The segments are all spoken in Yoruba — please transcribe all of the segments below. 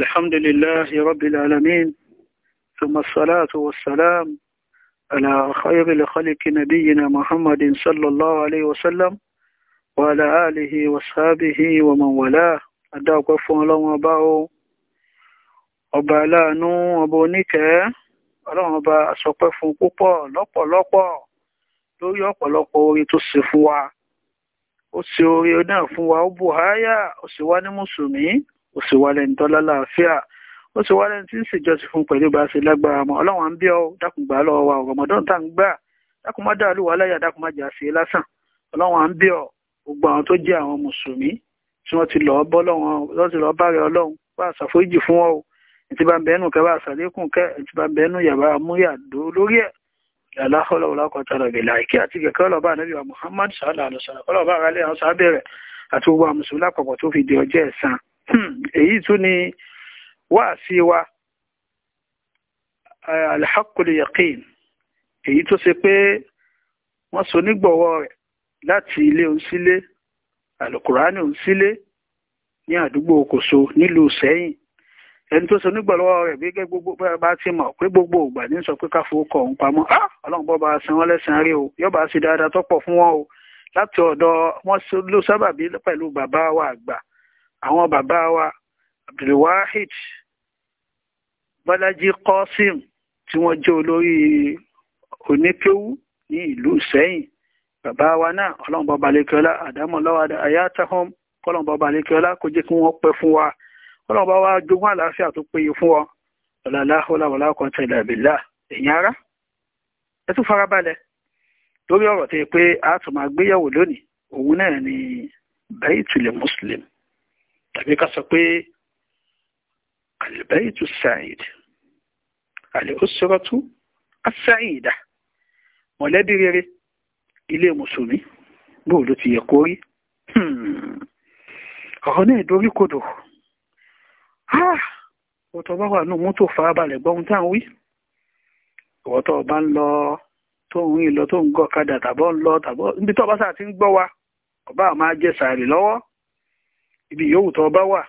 الحمد لله رب العالمين ثم الصلاة والسلام على خير لخلق نبينا محمد صلى الله عليه وسلم وعلى آله وصحبه ومن والاه adáàpẹ́ fún ọlọ́run ọba o ọba aláàánú ọba oníkẹ́ ọlọ́run ọba àsọpẹ́ fún púpọ̀ lọ́pọ̀lọpọ̀ lórí ọ̀pọ̀lọpọ̀ orí tó ṣe fún wa ó ṣe orí náà fún wa ó bù háyà ó sì wá ní mùsùlùmí ó sì wá lẹ́ni tọ́lá láàfíà ó sì wá lẹ́ni tí ń ṣèjọsìn fún pẹ̀lú bá ṣe lágbára mọ́ ọlọ́run à ń bí ọ dákun gbà lọ́wọ́ wa ọ̀rọ̀mọdún tá ń gbà dákun má dàlú wa láyà dákun má jà sí lásán ọlọ́run à ń bí ọ gbogbo àwọn tó jẹ́ àwọn mùsùlùmí tí wọ́n ti lọ́ọ́ bọ́ lọ́wọ́ lọ́ọ́ ti lọ́ọ́ bá rẹ ọlọ́run bá àṣàforíjì fún ọ ètí bá ń bẹ́ẹ̀nù kẹ́ bá àṣàlékùn ètí bá ń bẹ́ẹ̀nù yàrá amúyàdó lórí ẹ̀ làlàkọ́lọ́ ọlákọ̀tàrà bẹ̀là kí àti kẹ̀kẹ́ ọlọ́ba ànábìwá Muhammad sallallahu alaihi wasallam ọlọ́ba àrálẹ̀ àwọn sábẹ̀rẹ̀ àti gbogbo àmùsùn lápapọ̀ tó fi di ọjọ́ ẹ̀san Hmm, èyí tún ni wáàsí wa eh, alhaqul yaqin èyí tó ṣe pé wọ́n so nígbọ̀wọ́ rẹ̀ láti ilé òǹsílé alukurani òǹsílé ní àdúgbò Kòso nílùú Sẹ́yìn ẹni tó so nígbọ̀lọ́wọ́ rẹ̀ bí gẹ́gẹ́ gbogbo bá ti mọ̀ pé gbogbo ògbà ní sọ pé káfọ́ kọ̀ ọ̀hún pamọ́ ah! ọlọ́run bọ́ bá a san wọ́n lẹ́sàn-án rí o yóò bá a ṣe dáadáa tó pọ̀ fún wọn o láti ọ̀dọ̀ wọn ló sábàbí pẹ̀lú bàbá wa àgbà àwọn bàbá wa abdulwahid bọ́lájí kọ́sìm tí wọ́n jẹ́ olórí oníkéwú ní ìlú sẹ́yìn bàbá wa náà ọlọ́run bàbá lẹ́kẹ́ọ́lá àdámọ̀ lọ́wọ́dá ayátahom kọ́lọ́run bàbá lẹ́kẹ́ọ́lá kó jẹ́ kí wọ́n pẹ́ fún wa ọlọ́run bá wa jogún àlàáfíà tó péye fún wa ọ̀làláhọ́láwọ̀lá kan tẹ̀lé àbílà èyàn ara ẹ tún farabalẹ̀ lórí ọ̀rọ̀ tó yẹ pé a tún máa gbéyàwó lónìí òun náà ni baitul muslim tàbí ká sọ pé albaytu sa'id al-usratu as-sa'ida mọ̀lẹ́bí rere ilé mùsùlùmí bó ló ti yẹ kó rí hmm. ọ̀rọ̀ náà dorí kodò ah! ọ̀tọ̀ bá wà ní mọ́tò farabalẹ̀ gbọ́n tá à ń wí ọ̀tọ̀ bá ń lọ tó ń rìn lọ tó ń gọ́ kadà tàbọ̀ ń lọ tàbọ̀ níbi tó bá sáà ti ń gbọ́ wa ọba àmà jẹ́ sàárì lọ́wọ́ ibi yòówù tó bá wà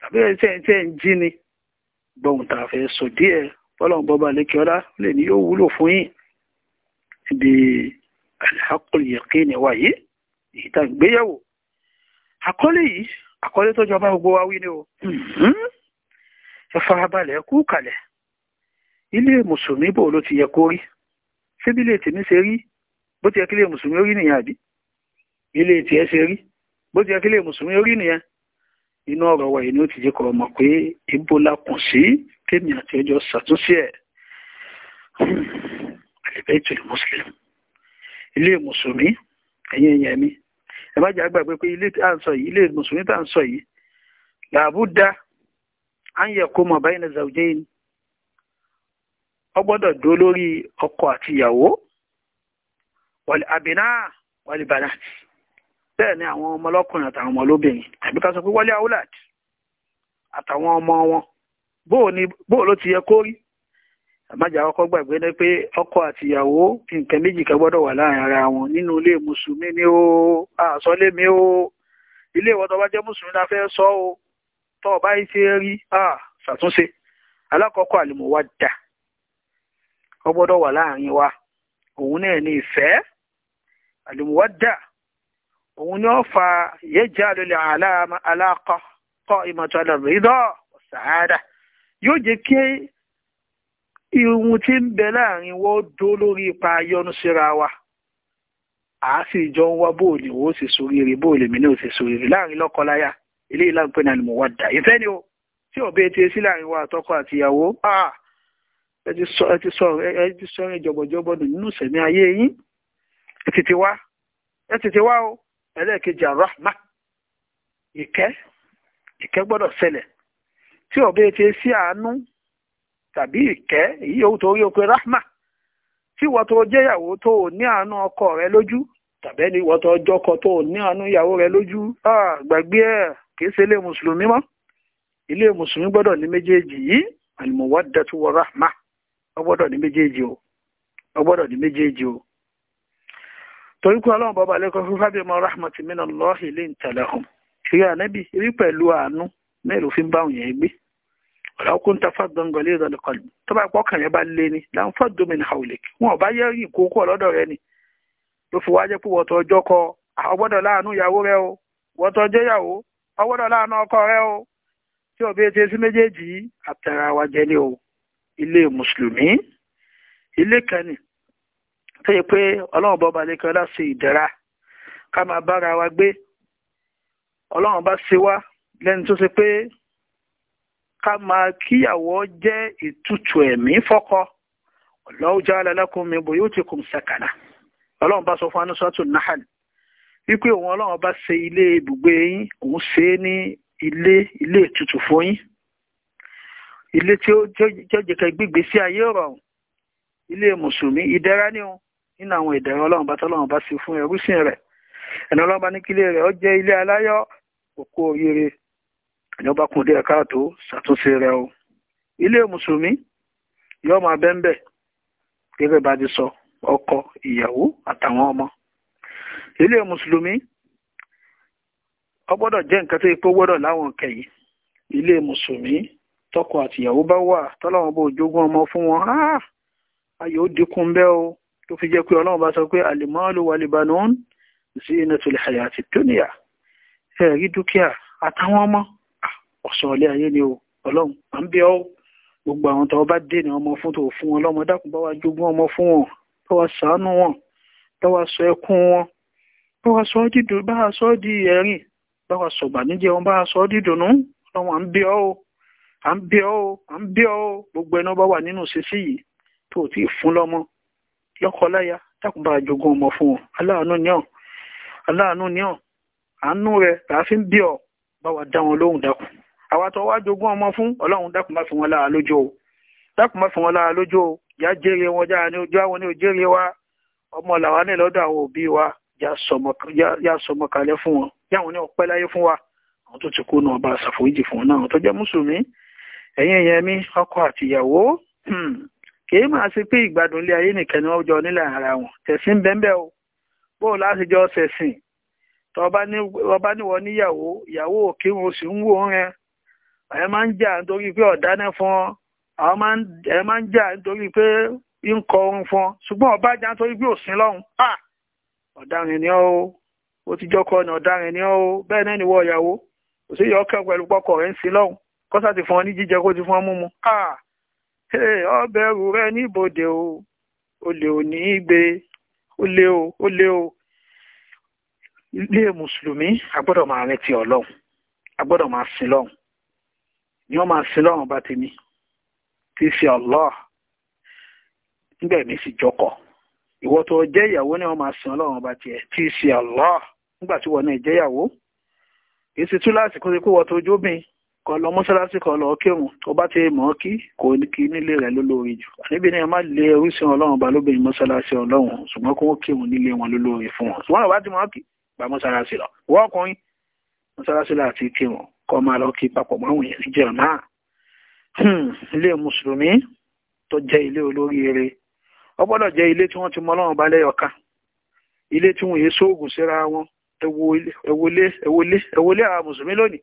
tàbí ẹ̀ tẹ́ tẹ́ ń jí ni gbọ̀hùn tà fẹ́ sọ díẹ̀ bọ́lọ̀n bọ́ba lè kíọ́lá lè ní yóò wúlò fún yín ibi al-haqqul yaqini wà yìí èyí tá gbéyàwó àkọlé yìí àkọlé tó jọba gbogbo wa wí ni o mhm. ẹ farabalẹ̀ kú kalẹ̀ ilé mùsùlùmí bò ló ti yẹ kó rí síbi ilé tèmi ṣe rí bó ti yẹ kí ilé mùsùlùmí rí nìyẹn àbí ilé tiẹ̀ ṣe rí bó ti yẹ kí ilé mùsùlùmí rí nìyẹn inú ọ̀rọ̀ wa yìí ni ó ti jẹ́ kọ́ pé ibo la kùn sí tèmi àti ẹjọ́ ṣàtúnṣe ẹ̀ àlẹ́bẹ̀ẹ́tò mùsùlùmí ilé mùsùlùmí ẹ̀yìn ẹ̀yìn ẹ̀mí ẹ má jẹ́ àgbàgbé pé ilé tá à ń sọ yìí ilé mùsùlùmí tá à ń sọ yìí làbúdá à ń yẹ kó mọ̀ báyìí ní zaujain ọ gbọ́dọ̀ dó lórí ọkọ àti ìyàwó wàlẹ̀ àbínà wàlẹ̀ bàlàtì bẹ́ẹ̀ ni àwọn ọmọ ọlọ́kùnrin àtàwọn ọmọ olóbìnrin tàbí ká sọ pé wọlé aulad àtàwọn ọmọ wọn bóò ló ti yẹ kó rí àmájà ọkọ gbàgbé ní pé ọkọ àtìyàwó nǹkan méjì kan gbọ́dọ̀ wà láàrin ara wọn nínú ilé mùsùlùmí ni ó àsọlé mi ó ilé ìwọ tó bá jẹ́ mùsùlùmí la fẹ́ sọ ó tó bá yìí ṣe rí ṣàtúnṣe alákọ̀ọ́kọ́ àlùmọ̀wádà ó gbọ́dọ̀ wà láàrin wa òun náà ní ìfẹ́ àlùmọ̀wádà òun ni ó fa yẹjẹ àlọlẹ aláàkọ kọ ìmọ̀tọ́lẹ̀ rídọ́ sàádà yóò jẹ́ kí irun tí ń bẹ láàrin wọ́n dó lórí ipa yọnu síra wa a sì jọ ń wá bóòlì wo sì soríire bóòlì mi náà sì soríire láàrin lọ́kọláya eléyìí láǹpẹ́ náà ni mo wá dà ìfẹ́ ni o tí òbí etí sí láàrin wa àtọkọ àti ìyàwó ẹ ti sọ ẹ ti sọ ẹ ti nínú sẹmí ayé yín ẹ tètè wá ẹ tètè wá o. ẹlẹ́ẹ̀kejì arahma ìkẹ́ ìkẹ́ gbọ́dọ̀ ṣẹlẹ̀ tí ọ̀bẹ ti sí àánú tàbí ìkẹ́ èyí yòówù tó rí o rahma tí wọ́n tó jẹ́yàwó tó ní àánú ọkọ rẹ lójú tàbí ẹni wọ́n tó jọkọ tó ní àánú ìyàwó rẹ lójú gbàgbé ẹ̀ kìí ṣe ilé mùsùlùmí mọ́ ilé mùsùlùmí gbọ́dọ̀ ní méjèèjì yìí torí pé ọlọ́run bọ́ba lẹ́kọ̀ọ́ fún fábíọ́mọ rahmat mina lọ́ọ̀hì lè ń tẹ̀lé hàn ṣùgbọ́n ànábì rí pẹ̀lú àánú mẹ́rin òfin báwọn yẹn gbé ọ̀làkùn tafa gbọ̀ngànlé ìdọ̀lẹ́kọ̀lù tó bá pọ̀ kàn yẹn bá lé ní domin wọn rẹ ni ló fi wájẹ́ pé wọ́tọ̀ ọjọ́ kọ ọgbọ́dọ̀ láàánú ìyàwó rẹ o wọ́tọ̀ ọjọ́ ìyàwó ọgbọ́dọ̀ láàánú ọkọ rẹ o tí òbí etí sí méjèèjì àtẹ̀rà wa ní o ilé mùsùlùmí ilé kan ni tó yẹ pé ọlọ́run bọ́ balẹ̀ kan láti ìdẹ̀ra ká máa bára wa gbé ọlọ́run bá ṣe wá lẹ́ni tó ṣe pé ká máa kíyàwó jẹ́ ìtutù ẹ̀mí fọ́kọ Allahu ja'ala lakum min buyutikum sakana ọlọ́run bá sọ fún anúṣọ́tò nahal wípé òun ọlọ́run bá ṣe ilé ibùgbé yín òun ṣe é ní ilé ilé ìtutù fún yín ilé tí ó jẹ́ jẹ́ kẹ́ gbígbé sí ayé rọrùn ilé mùsùlùmí ìdẹ̀ra ni nínú àwọn ìdẹ̀rùn ọlọ́run bá tọ́lọ́run bá ṣe fún ẹrúsìn rẹ̀ ẹ̀nà ọlọ́run bá ní kílé rẹ̀ ó jẹ́ ilé aláyọ̀ òkú oríire ẹ̀nà ọba kùn díẹ̀ káàtó ṣàtúnṣe rẹ̀ o ilé mùsùlùmí yóò máa bẹ́ńbẹ̀ gẹ́gẹ́ bá ti sọ ọkọ ìyàwó àtàwọn ọmọ ilé mùsùlùmí ó gbọ́dọ̀ jẹ́ nǹkan tó yẹ pé gbọ́dọ̀ láwọn kẹyìn ilé mùsùlùmí tọkọ àtìyàwó bá wà tọ́lọ́wọ́n bó jogún ọmọ fún wọn ayò dínkù ń bẹ́ o tó fi jẹ́ pé ọlọ́run bá sọ pé alimalu walibanon zinatul hayati dunya ẹ̀rí dúkìá àtàwọn ọmọ ọ̀sán ọ̀lẹ́ ayé ni o ọlọ́run à ń bẹ ọ́ gbogbo àwọn tó bá dé ní ọmọ fún tó fún wọn lọ́mọ dákun bá wa jogún ọmọ fún wọn bá wa ṣàánú wọn bá wa sọ ẹkún wọn bá wa ọlọ́run à gbogbo ẹni ọba wà nínú ṣíṣí yìí tó ti fún lọ́mọ lọ́kọláya dákùnbà àjogún ọmọ fún ọ aláàánú ni ọ aláàánú ni ọ àánú rẹ tàá fi ń bí ọ bá wa dá wọn lóhùn dákùn àwa tó wá jogún ọmọ fún ọlọ́run dákùn má fi wọn lára lójú o dákùn má fi wọn lára lójú o yá jèrè wọn já ní ojú àwọn ní wa ọmọ làwa ní lọ́dọ̀ àwọn òbí wa yá sọmọ kalẹ̀ fún wọn yáwọn ní ọpẹ́ láyé fún wa àwọn tó ti kú náà bá ṣàforíjì fún wọn náà tó jẹ́ mùsùlùmí ẹ̀yin ẹ̀yẹ ọkọ àtìyàwó hmm, kìí máa ṣe pé ìgbádùn ilé ayé nìkan ni wọ́n jọ nílẹ̀ ara wọn tẹ̀sí ń o bó o láti jọ ṣẹ̀sìn tọba níwọ níyàwó ìyàwó òkè wọn sì ń wò rẹ ẹ máa ń jà nítorí pé ọ̀dáná fún ọ àwọn ẹ máa ń jà nítorí pé ń fún ọ ṣùgbọ́n ọba jà nítorí pé òsín lọ́hùn ọ̀daràn ni ọ́ o ti ọ̀daràn ni ọ́ bẹ́ẹ̀ náà ìyàwó ọbẹ̀rù rẹ níbodè o olè ò ní í gbé olè o olè o ilé mùsùlùmí agbọ́dọ̀ máa retí ọlọ́run agbọ́dọ̀ máa sin lọ́run ni wọ́n máa sin lọ́run bá tèmi tí í ṣe Allah nígbà mi sì jókòó ìwọ tó jẹ́ ìyàwó ni wọ́n máa sin ọlọ́run bá tiẹ̀ tí í ṣe Allah nígbà tí wọ́n náà jẹ́ ìyàwó èsì túláàsì kó ṣe kó wọ́n tó jóbìn kó lọ mọ́ṣáláṣí kó lọ kírun tó bá ti mọ̀ kí kò kí nílé rẹ̀ lólórí jù níbi ni ẹ má lé orísun ọlọ́run bá lóbìnrin mọ́ṣáláṣí ọlọ́run ṣùgbọ́n kó kírun nílé wọn lólórí fún wọn ṣùgbọ́n àbá ti mọ̀ kí gba mọ́ṣáláṣí lọ wọ́n ọkùnrin mọ́ṣáláṣí láti kírun kó máa lọ kí papọ̀ máwùn yẹn ní jẹ̀rọ náà hmm, ilé mùsùlùmí tó jẹ́ ilé olóríire ó gbọ́dọ̀ jẹ́ ilé tí wọ́n ti mọ ọlọ́run bá lẹ́yọ̀ká ilé tí wọ́n yé sóògùn síra wọn ẹwọlé ẹwọlé ẹwọlé àwọn mùsùlùmí lónìí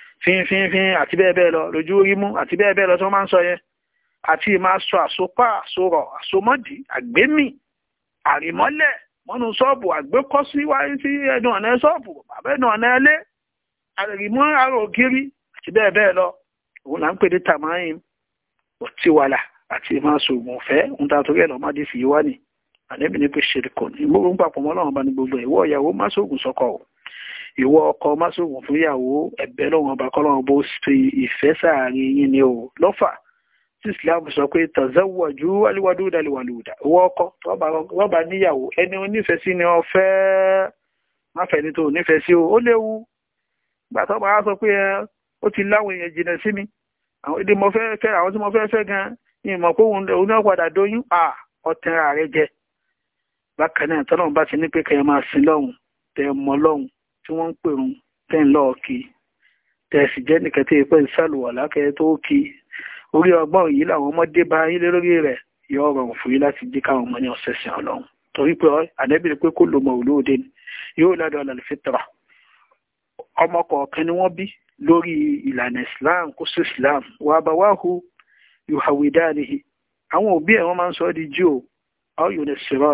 fínfínfín àti bẹ́ẹ̀ bẹ́ẹ̀ lọ lójú orí mú àti bẹ́ẹ̀ bẹ́ẹ̀ lọ tí wọ́n máa ń sọ yẹn àti máa sọ àsopá àsorọ̀ àsomọ́dì àgbémì àrìmọ́lẹ̀ mọ́nú ṣọ́ọ̀bù àgbékọ́ sí wáyé sí ẹ̀dùn ọ̀nà ṣọ́ọ̀bù àbẹ́dùn ọ̀nà ẹlé àrìmọ́ àrò ògiri àti bẹ́ẹ̀ bẹ́ẹ̀ lọ òun là ń pè ní tàmáyìn ti wàlà àti máa sògùn ọ̀fẹ́ ń ta torí ẹ̀ lọ́mọdé fi wá nì àníbi ní pé ṣe kò ní gbogbo ń papọ̀ mọ́ lọ́wọ́ bá ní gbogbo ìwọ ìyàwó má sògùn sọ́kọ̀ o ìwọ ọkọ máṣòwò fún ìyàwó ẹ̀bẹ̀ lọ́wọ́n ọba kọ́lọ́run bó ṣe ìfẹ́ sáàrin yín ni o lọ́fà tí islam sọ pé tazawwaju aliwaduda aliwaluda ìwọ ọkọ rọba níyàwó ẹni onífẹ̀ẹ́ sí ni ọ fẹ́ máfẹni tó onífẹ̀ẹ́ sí o ó léwu gbà tó máa sọ pé ó ti láwọn èèyàn jìnnà sí mi àwọn èdè mo fẹ́ fẹ́ àwọn tí mo fẹ́ fẹ́ gan ìmọ̀ pé òun náà padà dóyún à ọtẹ ààrẹ jẹ bákan náà tọ́lọ́run bá ti ní pé kẹyàn máa sin lọ́hùn tẹ mọ́ lọ́hùn tí wọ́n ń pèrún tẹ́ ń lọ́ọ́ kí tẹ̀sí jẹ́ nìkan tí ìpẹ́ ìsàlùwàlá kẹ́ tó kí orí ọgbọ́n yìí làwọn ọmọdé bá yín lórí rẹ̀ yọ rọrùn fún yín láti jí káwọn ọmọ ní ọ̀sẹ̀ sìn ọlọ́run torí pé àdẹ́bìrì pé kó lo mọ̀ òlóòde ni yóò ládọ̀ àlàlùfẹ́tàrà ọmọ kọ̀ọ̀kan ni wọ́n bí lórí ìlànà islam kó sí islam wà bá wáhu yuhawidanihi àwọn òbí ẹ̀ wọ́n máa ń sọ ọ́ di jíò ọ́ yóò ní sèrọ́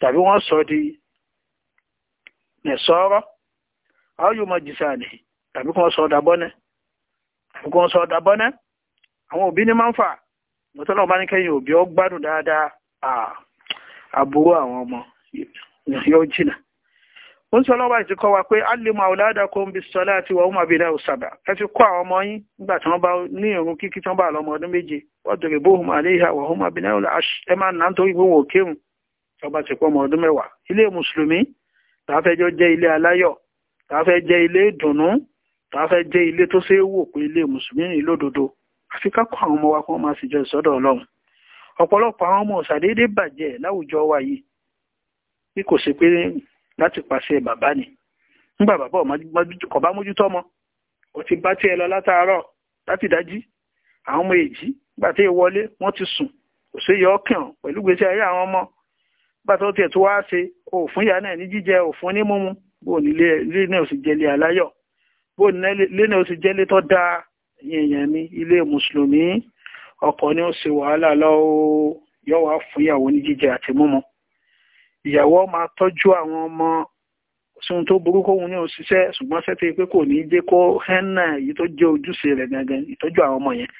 tàbí wọ́n sọ ọ́ di nẹ̀sọ́rọ́ àwọn yóò máa jìsà sọ ọ̀dà bọ́nẹ́ tàbí kí wọ́n sọ ọ̀dà àwọn òbí máa ń fà òbí ọ gbádùn dáadáa àbúrò àwọn ọmọ yóò sọ lọ́wọ́ àti kọ́ wa pé alimu ń bi sọlá àti ẹ fi kọ́ àwọn ọmọ yín nígbà tí wọ́n bá ní kíkí tí wọ́n bá ọdún méje wọ́n bóhùn máa tàáfẹ́jọ́ jẹ́ ilé aláyọ̀ tàáfẹ́ jẹ́ ilé ìdùnnú tàáfẹ́ jẹ́ ilé tó ṣe é wò pé ilé mùsùlùmí ní àfi ká àwọn ọmọ wa kí wọ́n máa sì jọ ìsọ́dọ̀ ọlọ́run ọ̀pọ̀lọpọ̀ àwọn ọmọ ṣàdédé bàjẹ́ láwùjọ wa yìí bí kò ṣe pé láti pàṣẹ bàbá ni nígbà bàbá kò bá mójútó ọmọ ò ti bá tiẹ̀ lọ látàárọ̀ láti dájí àwọn ọmọ èjì gbàtẹ́ ìwọlé wọ́n ti sùn kò sí yọ ọkàn pẹ̀lú gbèsè ayé àwọn ọmọ pàtó tiẹ̀ tó wá ṣe òfun ìyá náà ní jíjẹ òfun ní mímu bó ní ilé náà sì jẹ́ ilé aláyọ̀ bó ní ilé náà sì jẹ́ ilé tó dáa èèyàn mi ilé mùsùlùmí ọkọ ni ó ṣe wàhálà lọ́wọ́ yóò wá fún ìyàwó ní jíjẹ àti mímu ìyàwó máa tọ́jú àwọn ọmọ sóhun tó burú kóhun ní òṣìṣẹ́ ṣùgbọ́n ṣẹ́ tó yẹ pé kò ní í jẹ́ kó hẹ́nà èyí tó jẹ́ ojúṣe rẹ̀ gangan ìtọ́jú àwọn ọmọ yẹn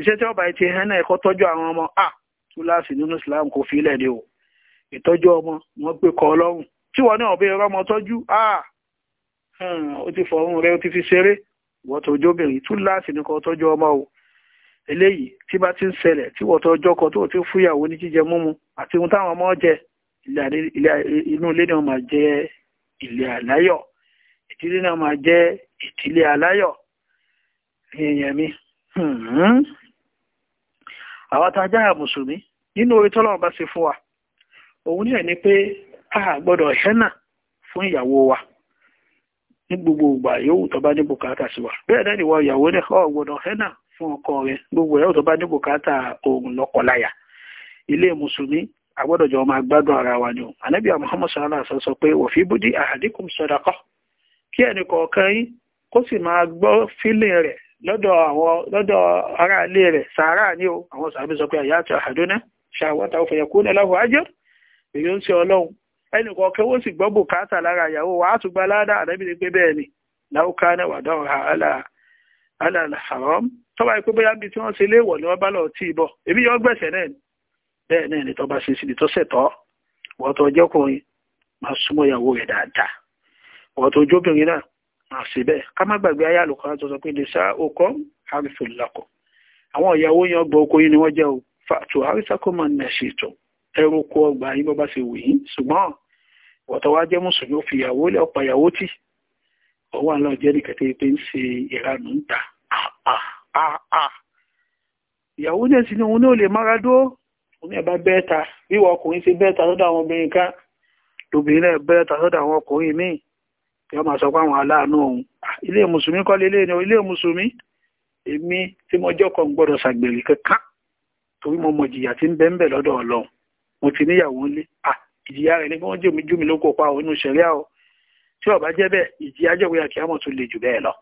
iṣẹ́ tí ọba ti hẹ́nà ẹ̀kọ́ tọ́jú àwọn ọmọ a tó láàṣì nínú Islam kò fi ilẹ̀ o ìtọ́jú ọmọ wọ́n gbé kọ́ ọlọ́run tí wọ́n ní ọ̀bẹ ọmọ tọ́jú ah, hmm, ó ti fọ̀run rẹ ó ti fi ṣeré wọ́n tó jóbìnrin tún láàsì ní kan tọ́jú ọmọ o eléyìí tí bá ti ń ṣẹlẹ̀ tí wọ́n tọ́jọ́ kan tó ti fúyàwó ní jíjẹ múmu àti ohun táwọn ọmọ jẹ inú ilé náà máa jẹ ilé àláyọ̀ ìdílé náà máa jẹ ìdílé àláyọ̀ èèyàn mi hmm, àwọn tá a jáyà mùsùlùmí nínú orí tọ́lọ́run bá ṣe fún wa òun ní ẹni pé a gbọ́dọ̀ ṣẹ́nà fún ìyàwó wa ní gbogbo ìgbà yóò tó bá ní bùkátà sí wa bẹ́ẹ̀ náà ìwọ ìyàwó rẹ̀ ọ gbọ́dọ̀ ṣẹ́nà fún ọkọ rẹ̀ gbogbo ìyàwó tó bá ní bùkátà òun lọ́kọláya ilé mùsùlùmí àgbọ́dọ̀ jọ máa gbádùn ara wa ni o ànábì Muhammad sọ pé òfin kí ẹnì kọ̀ọ̀kan yín kó sì máa gbọ́ fílẹ̀ rẹ̀ lọ́dọ̀ àwọn lọ́dọ̀ aráalé rẹ̀ ni o àwọn sàbí sọ pé àyà àti ṣàwọ́ta fẹ̀yẹ̀ èyí ń ṣe ọlọ́run ẹnì kọ̀ọ̀kan ó sì gbọ́ bùkátà lára ìyàwó wa á tún gba aládà àdábì ni pé bẹ́ẹ̀ ni láwùká náà wà dáhùn àlàhàrọ́m tọ́ba yìí pé bóyá bíi tí wọ́n ṣe léèwọ̀ ni wọ́n bá lọ tí ì bọ̀ èmi yọ gbẹ̀sẹ̀ náà ni bẹ́ẹ̀ náà ni tọ́ba ṣe síbi tó ṣẹ̀tọ́ wọ́n tó jọ́kùnrin máa súnmọ́ ìyàwó rẹ̀ dáadáa wọ́n tó jóbìnrin náà máa ṣe bẹ́ẹ̀ ká má gbàgbé ayé àlùkò láti sọ pé lè sá okọ́ harifin lakọ̀ àwọn ìyàwó yan gbọ́ oko ni wọ́n jẹ́ o fàtó harisakoman mẹ́sì tó ẹrùkọ ọgbà yìí bọ́ bá ṣe wù yín ṣùgbọ́n ọ̀tọ̀ wá jẹ́ mùsùlùmí ó fi ìyàwó lé ọ̀pọ̀ ìyàwó tì ọwọ́ àlọ́ jẹ́ ní kẹtẹ́ pé ń ṣe ìranù ń ta ìyàwó náà sì ni òun náà lè mára dúró òun náà bá bẹ́ẹ̀ta wíwọ ọkùnrin ṣe bẹ́ẹ̀ta lọ́dọ̀ àwọn obìnrin kan lóbìnrin náà bẹ́ẹ̀ta lọ́dọ̀ àwọn ọkùnrin míì yọ máa sọ pé àwọn aláàánú òun ilé mùsùlùmí kọ́ lélẹ́ ni ilé mùsùlùmí èmi tí mo jẹ́ ọkọ gbọ́dọ̀ ṣàgbèrè kankan torí mo mọ̀ jìyà tí ń bẹ́ẹ̀ lọ́dọ̀ ọlọ́run mo ti níyàwó lé à ìjìyà rẹ̀ ni bí wọ́n jẹ́ omi júmi lóko pa òun ṣẹ̀ríà o tí ó bá jẹ́ bẹ́ẹ̀ ìjìyà jẹ́ wíyà kíámọ̀ tó le jù bẹ́ẹ̀ lọ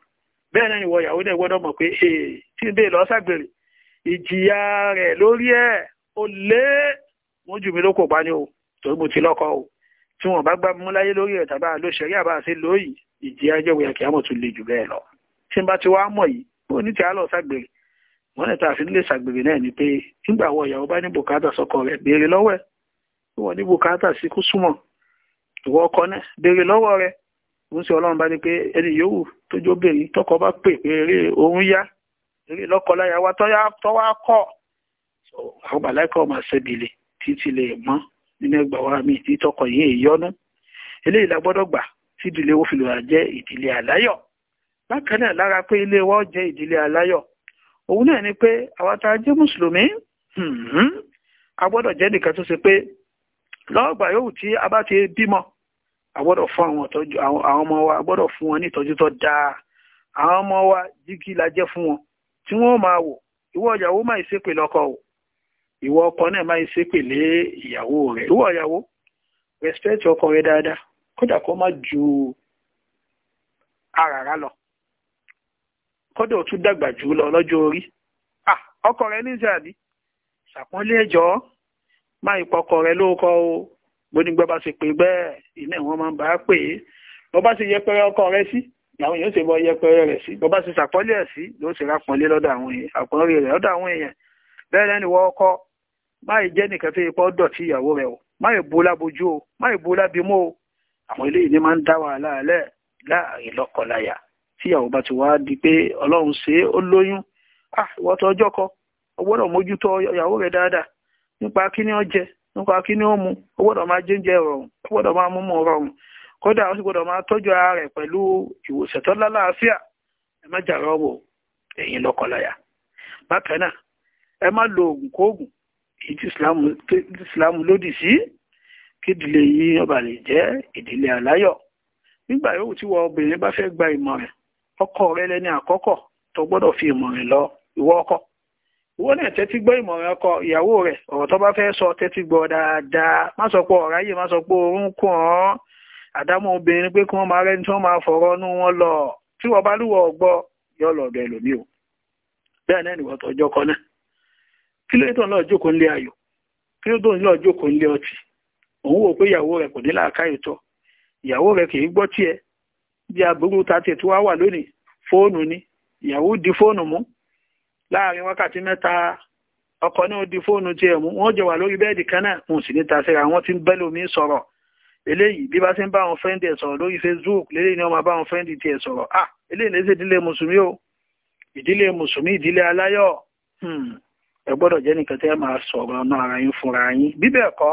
bẹ́ẹ̀ náà ìwọ ìyàwó náà gbọ́dọ̀ mọ̀ pé ee tí n bẹ́ẹ̀ lọ ságbèrè ìjìyà rẹ̀ lórí ẹ̀ ó lé wọ́n jù mí lóko pa ni o torí mo ti lọ́kọ o tí wọ́n bá gbá mú láyé lórí ẹ̀ tàbá ló ṣẹ̀ríà bá ṣe lóyìí ìjìyà jẹ́ wíyà kíámọ̀ tó le jù bẹ́ẹ̀ lọ tí n bá ti wá mọ̀ yìí wọ́n lè ta àfin lè ṣàgbèrè náà ni pé nígbà wọ ìyàwó bá ní bùkátà sọ́kọ rẹ̀ béèrè lọ́wọ́ ẹ̀ tí wọ́n ní bùkátà sí kú súnmọ́ ìwọ ọkọ náà béèrè lọ́wọ́ rẹ̀ òun sì ọlọ́run bá ní pé ẹni yòówù tójó béèrè tọkọ bá pè pé eré òun yá eré lọ́kọláya wa tọ́wá kọ́ àwọn bàláìkọ́ máa ṣẹ́bìlẹ̀ títí lè mọ́ nínú ẹgbà wa mi tí tọkọ yìí èyọ́nú eléyìí la gbọ́dọ̀ gbà tí ìdílé wo fi òun náà ni pé àwa tá a jẹ́ mùsùlùmí a gbọ́dọ̀ jẹ́ nìkan tó ṣe pé lọ́gbà yòówù tí a bá ti bímọ a gbọ́dọ̀ fún àwọn ìtọ́jú àwọn ọmọ wa a gbọ́dọ̀ fún wọn ní ìtọ́jú tó dáa àwọn ọmọ wa jígí la jẹ́ fún wọn tí wọ́n máa wò ìwọ ìyàwó máa ṣépè lọ́kọ o ìwọ ọkọ náà máa ṣépè lé ìyàwó rẹ̀ ìwọ ìyàwó respect ọkọ rẹ dáadáa kódà kó má ju àràrá lọ kódà ó tún dàgbà jù lọ lọ́jọ́ orí ah, ọkọ rẹ ní ìsàlí ṣàpọ́nlé ẹjọ́ máa ìpọkọ rẹ lóòkọ o gbónígbà bá ṣe pé bẹ́ẹ̀ iná wọn máa ń bá pè é bó bá ṣe yẹpẹrẹ ọkọ rẹ sí làwọn èèyàn ṣe bọ yẹpẹrẹ rẹ sí bó bá ṣe ṣàpọ́nlé ẹ̀ sí ló ṣe rápọ́nlé lọ́dọ̀ àwọn èèyàn àpọ́nlé rẹ̀ lọ́dọ̀ àwọn èèyàn bẹ́ẹ̀ lẹ́ni wọ́n kọ́ máa jẹ́ nìkan tó yẹ pé ó dọ̀tí ìyàwó rẹ o máa yẹ bu lábojú o máa yẹ bu lábimú o àwọn eléyìí ni máa ń dá wàhálà alẹ́ láàrin lọ́kọláya tíyàwó bá ti wá di pé ọlọ́run ṣe é ó lóyún ah tó kọ o mójútó ìyàwó rẹ̀ dáadáa nípa kíní ó jẹ nípa kíní ó mu o máa jẹ́ńjẹ rọrùn o ma máa mú mu rọrùn kódà ó sì gbọ́dọ̀ máa tọ́jú ara rẹ̀ pẹ̀lú ìwòsàn tó lálàáfíà ẹ má jàrọ̀ wò lo oògùn kóògùn èyí tí Islam lòdì sí kí yìí ọba lè jẹ́ ìdílé nígbà yòówù tí obìnrin bá fẹ́ gba ìmọ̀ràn ọkọ rẹ lẹni àkọ́kọ́ tó gbọ́dọ̀ fi ìmọ̀ràn lọ ìwọ ọkọ ìwọ náà tẹ́tí gbọ́ ìmọ̀ràn ọkọ ìyàwó rẹ ọ̀rọ̀ tó bá fẹ́ sọ tẹ́tí gbọ́ dáadáa má sọ pé ọ̀ráyè má sọ pé oorun kùn ọ́ àdámọ́ obìnrin pé kí wọ́n máa rẹ́ni tí wọ́n máa fọ̀rọ̀ nú wọn lọ tí wọ́n bá lúwọ̀ ọgbọ́ yọ lọ́dọ̀ ẹlòmíì o bẹ́ẹ̀ náà nìwọ̀n tọ́jọ́ kan náà kí ló tó ń lọ jókòó nílé ayò kí ló tó ń lọ jókòó nílé ọtí òun wò pé ìyàwó rẹ̀ kò ní làákàyè tọ́ ìyàwó rẹ̀ kì í gbọ́ tiẹ̀ bí agbóhun ta tiẹ̀ tí wá wà lónìí fóònù ni ìyàwó di fóònù mú láàrin wákàtí mẹ́ta ọkọ náà di fóònù tiẹ̀ mú wọ́n jọ wà lórí bẹ́ẹ̀dì kan náà wọn sì ní ta síra wọn ti ń bẹ́ lómi sọ̀rọ̀ eléyìí bí bá ti ń bá àwọn fẹ́ǹdì ẹ̀ sọ̀rọ̀ lórí Facebook lélẹ́yìí ni wọ́n máa bá àwọn fẹ́ǹdì tiẹ̀ sọ̀rọ̀ ah eléyìí lè ṣe ìdílé mùsùlùmí o ìdílé mùsùlùmí ìdílé aláyọ̀ hmm, ẹ gbọ́dọ̀ jẹ́ nìkan tẹ́ máa sọ̀rọ̀ ọ̀nà ara yín fúnra yín bí bẹ́ẹ̀ kọ́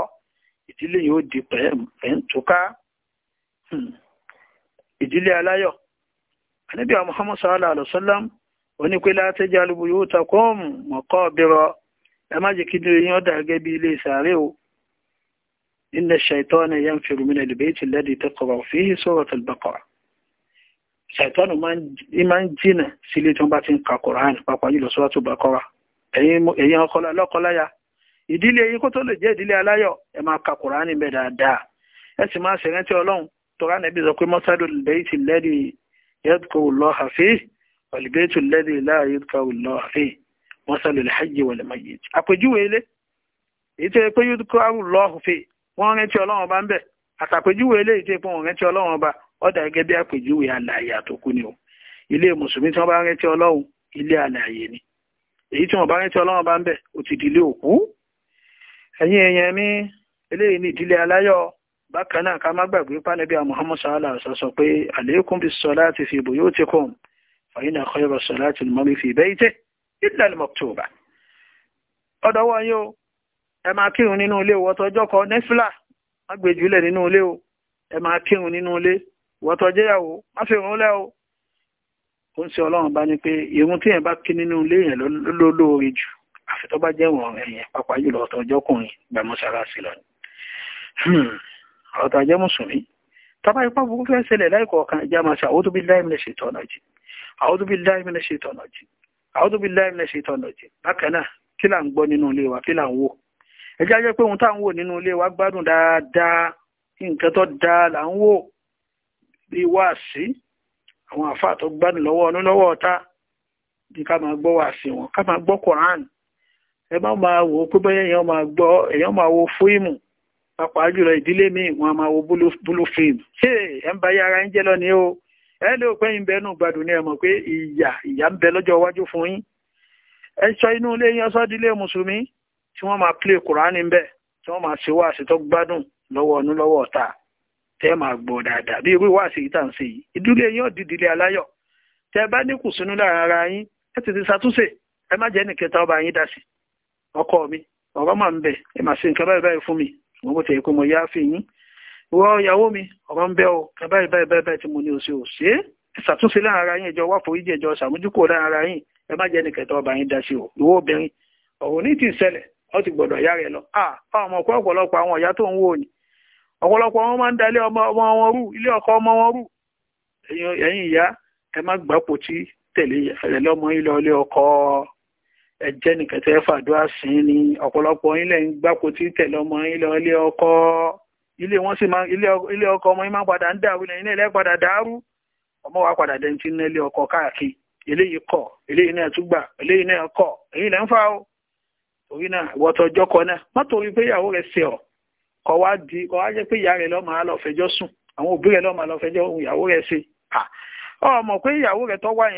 ìdílé yóò di pẹ́ẹ́m pẹ́ẹ́ntúká hmm ìdílé aláyọ̀ ànábì Muhammad sallallahu alaihi wasallam onípe látẹ́jà alùbù yóò ta kọ́ọ̀mù mọ̀kọ́ ọ̀bẹ̀rọ ẹ má jẹ́ kí ní yín ọ̀dà gẹ́gẹ́ bí ilé sàárè o inna shaytana yanfiru min al-bayti alladhi taqra'u fihi surat al-baqara ṣàìtọ́nù máa ń jìnà sílé tí wọ́n bá ti ń ka tọ́ra nàbí sọ pé mọ́sálù lẹ́yìn lẹ́dí yẹ́dùkọ̀ lọ́ àfẹ́ ọ̀lẹ́gbẹ́tù lẹ́dí láàyẹ́dùkọ̀ lọ́ àfẹ́ mọ́sálù lẹ́hàjì wọlé mayé àpèjúwe ilé èyí tó yẹ pé yẹ́dùkọ̀ lọ́ àfẹ́ wọ́n rántí ọlọ́run bá ń bẹ̀ àtàpèjúwe ilé èyí tó yẹ pé wọ́n rántí ọlọ́run bá ọ̀dà gẹ́gẹ́ bí àpèjúwe alààyè àtòkù ni o ilé mùsùlùmí tí wọ́n bá rántí ọlọ́run ilé alààyè ni èyí tí wọ́n bá rántí ọlọ́run bá ń bẹ̀ ó ti di ilé òkú ẹ̀yin èèyàn mi eléyìí ni ìdílé aláyọ̀ bákan náà ká má gbàgbé pánẹ́bí Muhammad sàálà sọ pé àlékún bí salati fi buyutikum fa inna khayra salati al-mar'i fi baytihi illa al-maktuba ọ̀dọ̀ wọn yóò ẹ máa kírun nínú ilé wọ́tọ́jọ́ kọ nẹ́fìlà má gbé jùlẹ̀ nínú ilé o ẹ máa kírun nínú ilé wọ́tọ́jẹ́yàwó má fi rún lẹ́ o ó ń ṣe ọlọ́run bá ní pé irun tí yẹn bá kí nínú ilé yẹn ló jù àfi tó bá jẹ́ wọ̀n ẹ̀yẹn pàápàá jùlọ ọ̀tọ̀jọ́kùnrin gbàmọ́sára sí lọ àwọn tó ajẹ́ mùsùlùmí tọ́ba ipá burú fẹ́ ṣẹlẹ̀ láìkọ̀ọ̀kan ìjà máa ṣe a'udhu billahi minash shaitani rajim a'udhu billahi minash shaitani rajim a'udhu billahi minash shaitani rajim bákan náà kí là ń gbọ́ nínú ilé wa kí là ń wò ẹjẹ́ ajẹ́ pé ohun tá à ń wò nínú ilé wa gbádùn dáadáa nǹkan tó dáa là ń wò bí wáàsí àwọn àfáà tó gbádùn lọ́wọ́ ọdún lọ́wọ́ ọ̀tá bí ká máa gbọ́ wáàsí wọn ká máa gbọ́ Quran ẹ má máa wò ó pé bẹ́ẹ̀ èèyàn máa gbọ́ èèyàn máa wo fíìmù pàápàá jùlọ ìdílé mi wọn máa wo búlú fíìmù ṣé ẹ ń báyé ara ń jẹ́ lọ́ni o ẹ lè pẹ́ yín bẹ́ẹ̀ nù gbàdùn ní ẹ pé ìyà ìyà ń bẹ fún yín ẹ sọ inú ilé yín ọsọ ìdílé mùsùlùmí tí wọ́n máa kùránì ń bẹ tí máa ṣe gbádùn máa dáadáa bí irú ń ṣe ara yín ẹ tètè ṣàtúnṣe ẹ má ọba yín dá ọkọ mi ọ̀rọ̀ máa ń ẹ máa ṣe nǹkan mo bó tẹ̀ pé mo yá fi yín wọ ìyàwó mi ọ̀rọ̀ ń bẹ́ o báyìí báyìí báyìí tí mo ní oṣù òṣè ṣàtúnṣe láàrin ara yín ẹjọ wà foríjì ẹjọ ṣàmójúkò láàrin ara yín ẹ má jẹ́ nìkẹta ọba yín dá sí o ìwọ obìnrin ọ̀rọ̀ ní ti ṣẹlẹ̀ ó ti gbọ́dọ̀ yá rẹ lọ ọmọ ọkọ ọ̀pọ̀lọpọ̀ àwọn ọ̀yá tó ń wò ẹjẹ́ nìkan tẹ́ fàdúrà sí ni ọpọlọpọ ilẹ̀ ń gbáko tí ọmọ ilé ọkọ ilé wọn sì máa ilé ọkọ ọmọ yín máa padà ń dàrú ilẹ̀ ilẹ̀ padà dàrú ọmọ wa padà dẹni tí ń lé ọkọ káàkiri eléyìí kọ eléyìí náà eléyìí náà kọ èyí ń fa o torí náà kan náà má torí pé ìyàwó wá di wá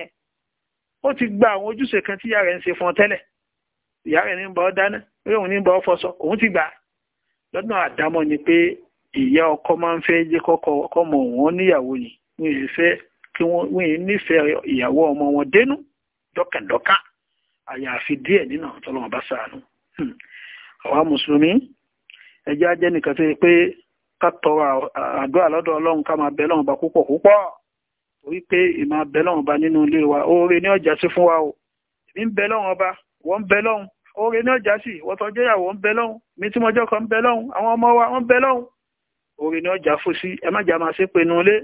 ó ti gba àwọn ojúṣe kan tí ìyá rẹ̀ ń ṣe fún ọ tẹ́lẹ̀ ìyá rẹ̀ ní ń bá ọ dáná pé òun ní ń bá ọ fọṣọ òun ti gbà á lọ́nà àdámọ́ ni pé ìyá ọkọ máa ń fẹ́ jẹ́ kọ́kọ́ ọkọ mọ̀ níyàwó ni wọ́n yìí fẹ́ kí wọ́n yìí nífẹ̀ẹ́ ìyàwó ọmọ wọn dénú dọ́kàndọ́kà àyàfi díẹ̀ nínú àwọn bá sàánú. Hmm. àwa mùsùlùmí ẹjẹ́ ajẹ́ nìkan tó yẹ pé ká tọrọ àdúrà lọ́dọ̀ ọlọ́run ká máa bẹ ọlọ́run bá púpọ̀ púpọ̀ wípé ìmọ̀ bẹ́lọ́hùn ọba nínú ilé wa oore ní ọjà sí fún wa o èmi ń bẹ́lọ́hùn ọba wọ́n ń bẹ́lọ́hùn oore ní ọjà sí wọ́n tọ́jú ìyàwó ń bẹ́lọ́hùn mi tí mo jọ́ kan ń bẹ́lọ́hùn àwọn ọmọ wa wọ́n ń bẹ́lọ́hùn oore ní ọjà fún sí ẹ má jà máa ṣe pé inú ilé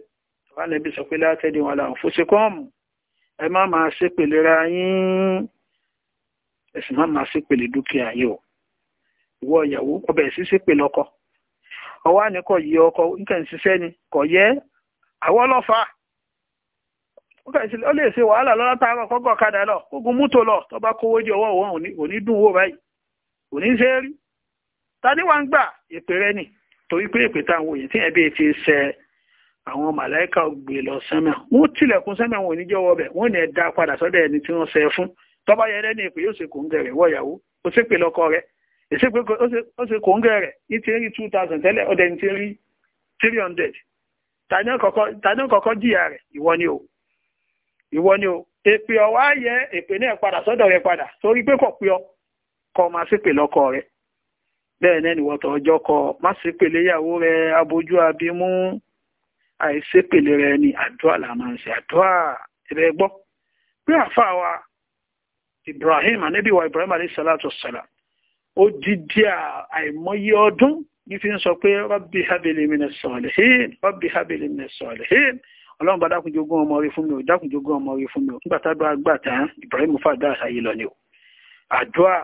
ọba nàbí sọ pé látẹ́ni wọn làwọn fún sí kọ́ọ̀mù ẹ má máa ṣe pèlè ra yín ẹ sì má máa ṣe pèlè dúkìá yìí o ìwọ ìyàwó ọbẹ̀ sí ṣe pèlè ọkọ ọwọ́ àníkọ̀ yìí ọkọ nǹkan ṣiṣẹ́ ni kọ̀ yẹ àwọ̀ ọlọ́fàá ó lè ṣe wàhálà lọ́la tá a kọ́ kọ́kọ́ kadà lọ kógun mútò lọ tó bá kówó jẹ ọwọ́ òun ò ní dùn wò báyìí ò ní ṣe é rí ta ni wàá ń gbà èpè rẹ nì torí pé èpè táwọn òyìn tí ẹbí ti ṣe àwọn màláìka gbé lọ sẹ́mẹ̀ wọ́n tilẹ̀kùn sẹ́mẹ̀ wọn ò ní jẹ́wọ́ bẹ̀ wọ́n ní ẹ̀ dá padà sọ́dọ̀ ẹni tí wọ́n ṣe fún tọ́ba yẹn lẹ́nu èpè yóò ṣe kò ń gẹ̀rẹ̀ wọ ìyàwó ó ṣe pè lọ́kọ rẹ̀ èsì pé ó ṣe kò ń gẹ̀rẹ̀ ní ti rí two thousand tẹ́lẹ̀ ọ̀dẹ̀ ní ti rí three hundred tani ọ̀kọ̀ọ̀kọ̀ jìyà rẹ̀ ìwọ ni o ìwọ ni o èpè ọ̀wá yẹ èpè náà padà sọ́dọ̀ rẹ padà torí pé kò pé ọ kọ́ máa ṣépè lọ́kọ rẹ bẹ́ẹ̀ náà nìwọ tó ọjọ́ kọ má ṣépè léyàwó rẹ abojú abimú àìṣépè lé rẹ ni àdúrà là máa ń ṣe àdúrà ẹ̀rẹ́ gbọ́ pé àfa wa Ibrahim anabi wa Ibrahim alayhi salatu wa salam ó dídí àìmọye ọdún ní fi ń sọ pé rabbi habili minas salihin rabbi habili minas salihin ọlọ́run bá dákun jogún ọmọ rí fún mi ò dákun jogún ọmọ rí fún mi ò nígbà tábà gbà tán Ibrahim fàdá àṣàyè lọ ni o àdúrà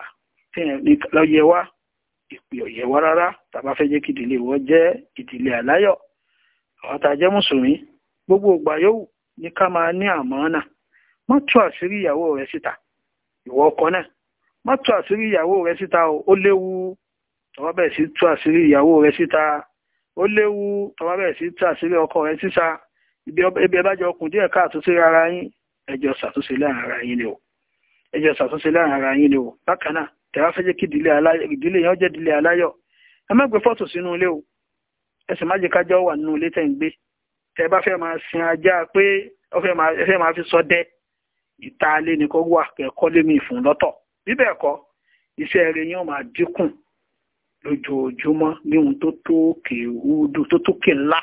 lọ yẹ wá ìpè ọ̀yẹ̀ wá rárá tàbá fẹ́ jẹ́ kí ìdílé wọ́n jẹ́ ìdílé àláyọ̀ àwọn tá a jẹ́ mùsùlùmí gbogbo ìgbà yòówù ní ká máa ní àmánà má tú àṣírí ìyàwó rẹ síta ìwọ ọkọ náà má tú àṣírí ìyàwó rẹ síta ó léwu tọ́wọ́ bẹ̀rẹ̀ sí tú àṣírí ìyàwó rẹ síta ó léwu tọ́wọ́ bẹ̀rẹ̀ sí tú àṣírí ọkọ rẹ síta ibi ẹ bá jọ kùn díẹ̀ káàtó sí ara yín ẹjọ́ ṣàtúnṣe láàrin ara yín ni o ẹjọ́ ṣàtúnṣe láàrin ara yín ni o bákan náà tẹ̀wá fẹ́ jẹ́ kí ìdílé yẹn jẹ́ ìdílé aláyọ̀ ẹ má gbé fọ́tò sínú ilé o ẹ sì má jẹ́ kájọ wà nínú ilé tẹ̀ ń gbé tẹ bá fẹ́ máa sin ajá pé ẹ fẹ́ máa fi ṣọdẹ ìta alé ni kó wà kẹ́kọ́ lémi ìfún lọ́tọ̀ bíbẹ̀ kọ́ iṣẹ́ rẹ̀ yóò máa dínkù lójoojúmọ́ ní tó tó ńlá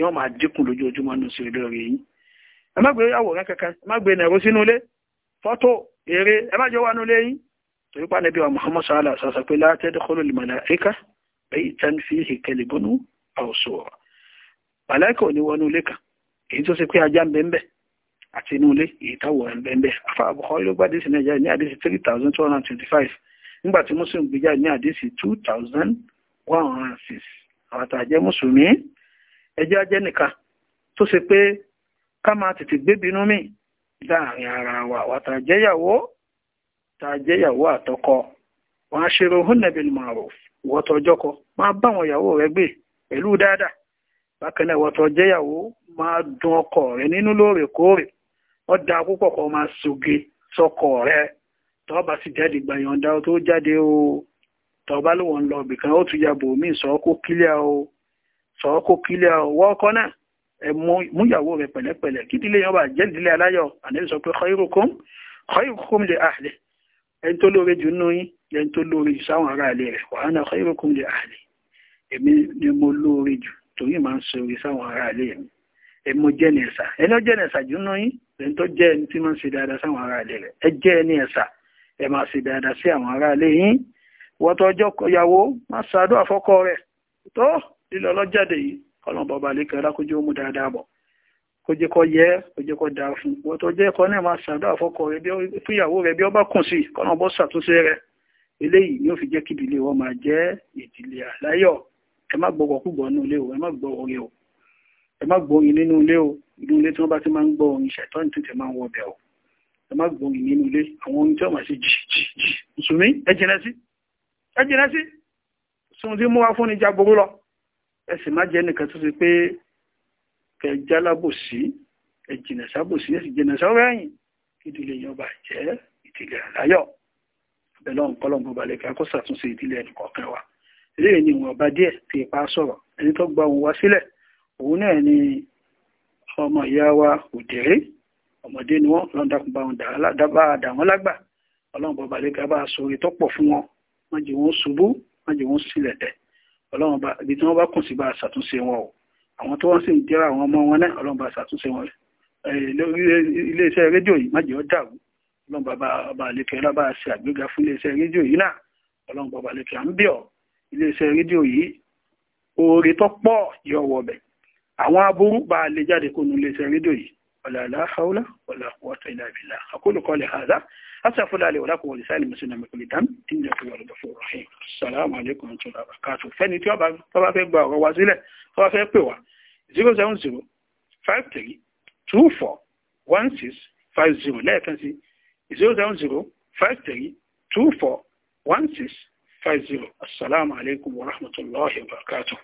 yóò máa dínkù lójoojúmọ́ nínú sí ilé rẹ̀ yín ẹ má gbé àwòrán kankan ẹ má gbé nàró sínú ilé fọ́tò eré ẹ má jọ wà nílé yín torí pa nàbí wa Muhammad sallallahu alaihi wasallam pé la tadkhulul malaika baytan fihi kalbun aw suwar màláìkà ò ní wọnú ilé kan èyí tó ṣe pé ajá ń bẹ ń bẹ àti inú ilé èyí táwọ̀ ń bẹ afa àbùkọ́ ló three thousand two hundred twenty five nígbà tí Muslim gbéjà ní two thousand one hundred six àwọn àtàjẹ́ mùsùlùmí ẹjẹ́ ajẹ́ nìkan tó ṣe pé ká máa tètè gbébinú mì láàrin ara wa àwa tá a jẹ́yàwó tá a jẹ́yàwó àtọkọ wọn á ṣeré ohun nàbí màrò wọ́tọ̀ ọjọ́ kọ máa bá àwọn ìyàwó rẹ gbé pẹ̀lú dáadáa bákan náà wọ́tọ̀ jẹ́yàwó máa dun ọkọ rẹ nínú lóòrèkóòrè ọ̀dà púpọ̀ kan máa soge sọkọ rẹ tọ́ba sì jáde gbàyànjá tó jáde o tọ́ba ló wọ́n lọ ibìkan ó tún yàbò mí sọ kó kílíà o sọ kó kílẹ̀ ọwọ́ ọkọ náà ẹ múyàwó rẹ pẹ̀lẹ́pẹ̀lẹ́ kí ìdílé yẹn wà jẹ́ ìdílé aláyọ̀ àdéhùn sọ pé khairukum khairukum li ahli ẹni tó wa ana khairukum li ahli èmi ni mo lóore jù torí màá ń ṣe orí sáwọn ará ilé mi èmi mo jẹ́ ni ẹ̀sà ẹni ó jẹ́ ni ẹ̀sà jù nínú yín lẹni tó jẹ́ ìyàwó má ṣàdúrà fọ́kọ rẹ̀ tó lílọ lọ́jáde yìí ọlọ́run bàbá àlékẹ́ alákójú ó mú dáadáa bọ̀ kó jẹ́ kó yẹ kó jẹ́ kó dáa fún wọ́n tó jẹ́ kọ́ náà máa ṣàdọ́ àfọkọ rẹ bí fúnyàwó rẹ bí ọba kùn sí kọ́nà bọ́ ṣàtúnṣe rẹ eléyìí ni ó fi jẹ́ kí ìdílé wọn máa jẹ́ ìdílé àláyọ̀ ẹ má gbọ́kọ̀ kúgbọ́ nínú ilé o ẹ má gbọ́ orin o ẹ má gbórin nínú ilé o inú ilé tí wọ́n bá ti máa ń gbọ́ ni jagoro ẹ sì má jẹ́ nìkan tó ṣe pé kẹ jálábòsí ẹ jìnà sábòsí ẹ sì jìnà sọ́rẹ́yìn ìdílé yẹn ọba jẹ́ ìdílé àláyọ̀ bẹ̀lọ́ nǹkọ́lọ́ bó balẹ̀ kí a kó ṣàtúnṣe ìdílé ẹnì kọ̀ọ̀kan wa eléyìí ni ìwọ̀n ọba díẹ̀ tí ipa sọ̀rọ̀ ẹni tó gba òun wá sílẹ̀ òun náà ni ọmọ ìyá wa òdèrè ọmọdé ni wọ́n lọ́ndàkùn bá wọn dà wọ́n lágbà ọlọ́run bó balẹ̀ kí a bá sọ orí tó pọ̀ fún ọlọ́run bá ibi tí wọ́n bá kùn sí bá ṣàtúnṣe wọn o àwọn tó wọ́n sì ń jẹ́ra àwọn ọmọ wọn náà ọlọ́run bá ṣàtúnṣe wọn iléeṣẹ́ rédíò yìí má jẹ́ ó dàrú ọlọ́run bàbá ọba àlekẹ́ ọlọ́ba ṣe àgbéga fún iléeṣẹ́ rédíò yìí náà ọlọ́run bàbá àlekẹ́ à ń bẹ̀ ọ́ iléeṣẹ́ rédíò yìí oore tó pọ̀ yọ wọ̀ bẹ̀ àwọn aburú bá lè jáde kó nu iléeṣẹ́ rédíò yìí ولا لا حول ولا قوة إلا بالله أقول قولي هذا أستغفر الله لي ولكم ولسائر المسلمين من كل ذنب إنه هو الغفور الرحيم السلام عليكم ورحمة الله وبركاته fẹ́ni tí ó bá fẹ́ gba ọ̀rọ̀ wa sílẹ̀ tó bá fẹ́ pè wá zero seven zero five three two four one six five zero lẹ́ẹ̀kan sí zero seven zero five three two four one six five zero asalaamualeykum wa rahmatulahi wa barakatuh.